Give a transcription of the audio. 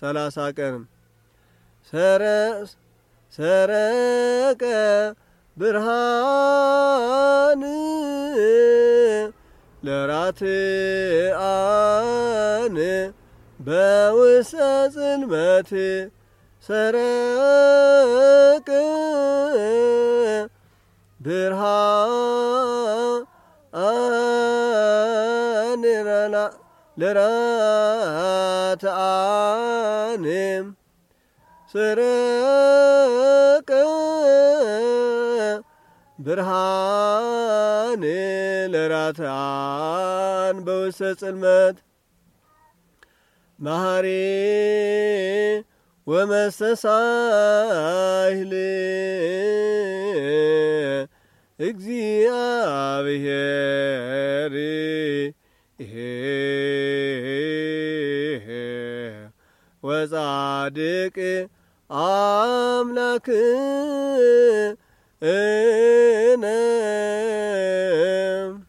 ሰላሳ ቀን ሰረቀ ብርሃን ለራትአን በውስተ ጽልመት ሰረቅ ብርሃን ለራ አትአንም ስርቅ ብርሃን ለራትአን በውስተ ጽልመት ማህሪ ወመሰሳይል እግዚአብሔር ይሄ ጻድቅ አምላክ